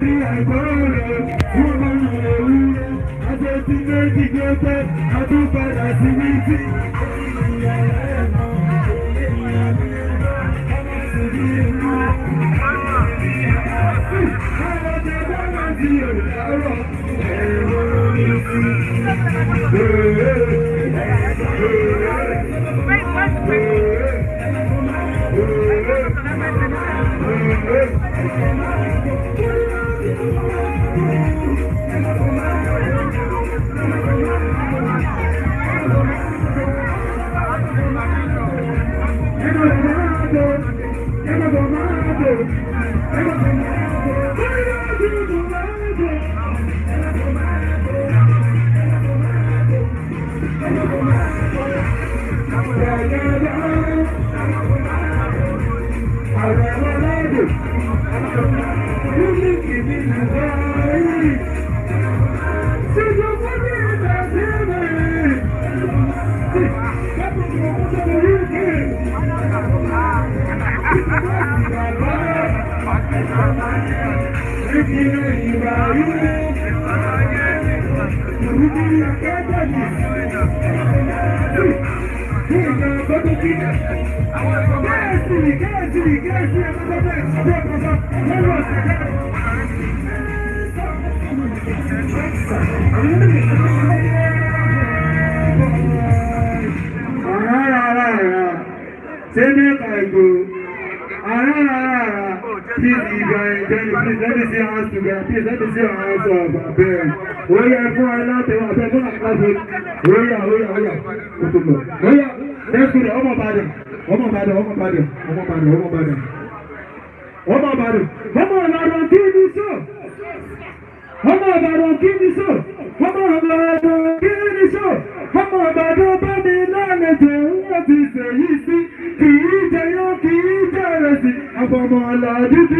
Bí àgbọ̀n rẹ̀ wọ́n máa ń lè wúlò, ajé tí méjì gbé pẹ́, adúpadà sí ní sí. Thank you. Thank you. Send tell us to get peace. Let me see our hands up, I beg. Oh yeah, fún wa láti wá abẹ́ fún àkàtú. Oh yeah, oh yeah, oh yeah. O tó lọ. Oh yeah, let's go there. Ọmọ Ìbàdàn, ọmọ Ìbàdàn, ọmọ Ìbàdàn, ọmọ Ìbàdàn, ọmọ Ìbàdàn. Ọmọ Ìbàdàn, ọmọ Ìbàdàn kí ni sọ? Ọmọ Ìbàdàn kí ni sọ? Ọmọ Ìbàdàn kí ni sọ? Ọmọ Ìbàdàn bá mi lánàá jẹ wọ́n ti ṣèyí sí. Kì í jẹyọ, kì í jẹrẹ sí. Àfọmọ́ àlàdídì.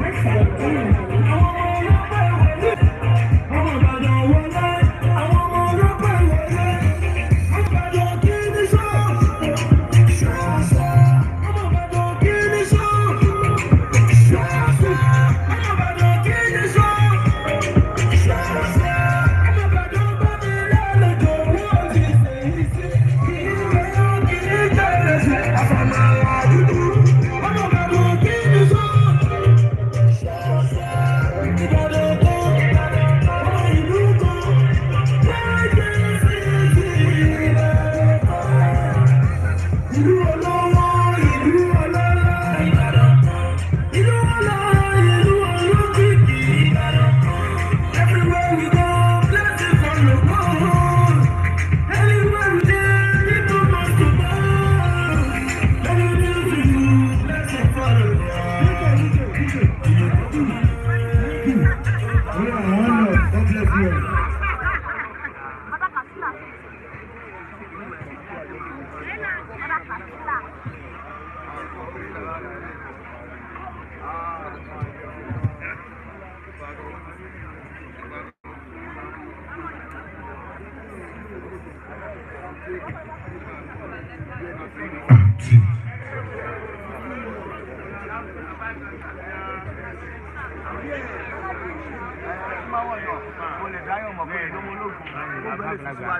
You are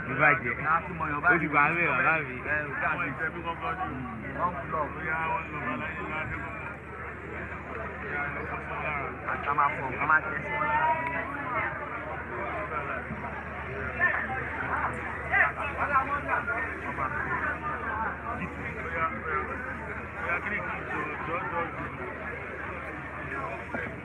ló bá jẹ ó ti bá ń bẹ bàbá mi. Thank you.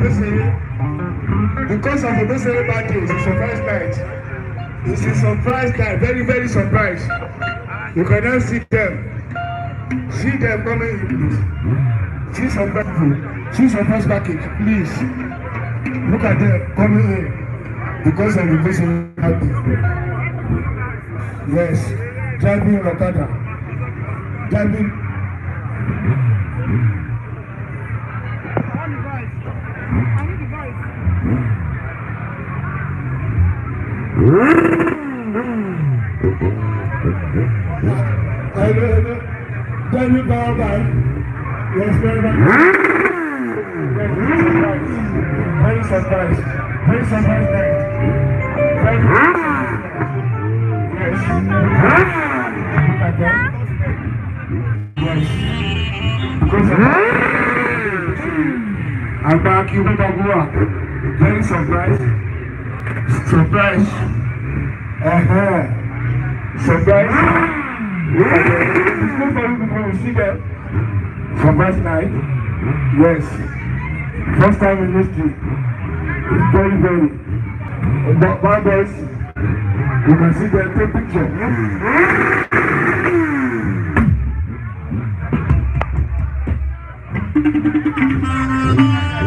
because of Obesere birthday a surprise night It's a surprise night very very surprise you can now see them see them coming in see some people see some first package please look at them coming in because of Obesere birthday yes driving okada driving. Daniel Bauer, yes, very much. Very surprised. Very surprised. Very Yes. Look at them. Yes. Because I'm back, you better go up. Very surprised. Surprised. Uh-huh. Surprise. It's from last night. Yes. First time in history. It's very, very. But my boys, you can see the take picture.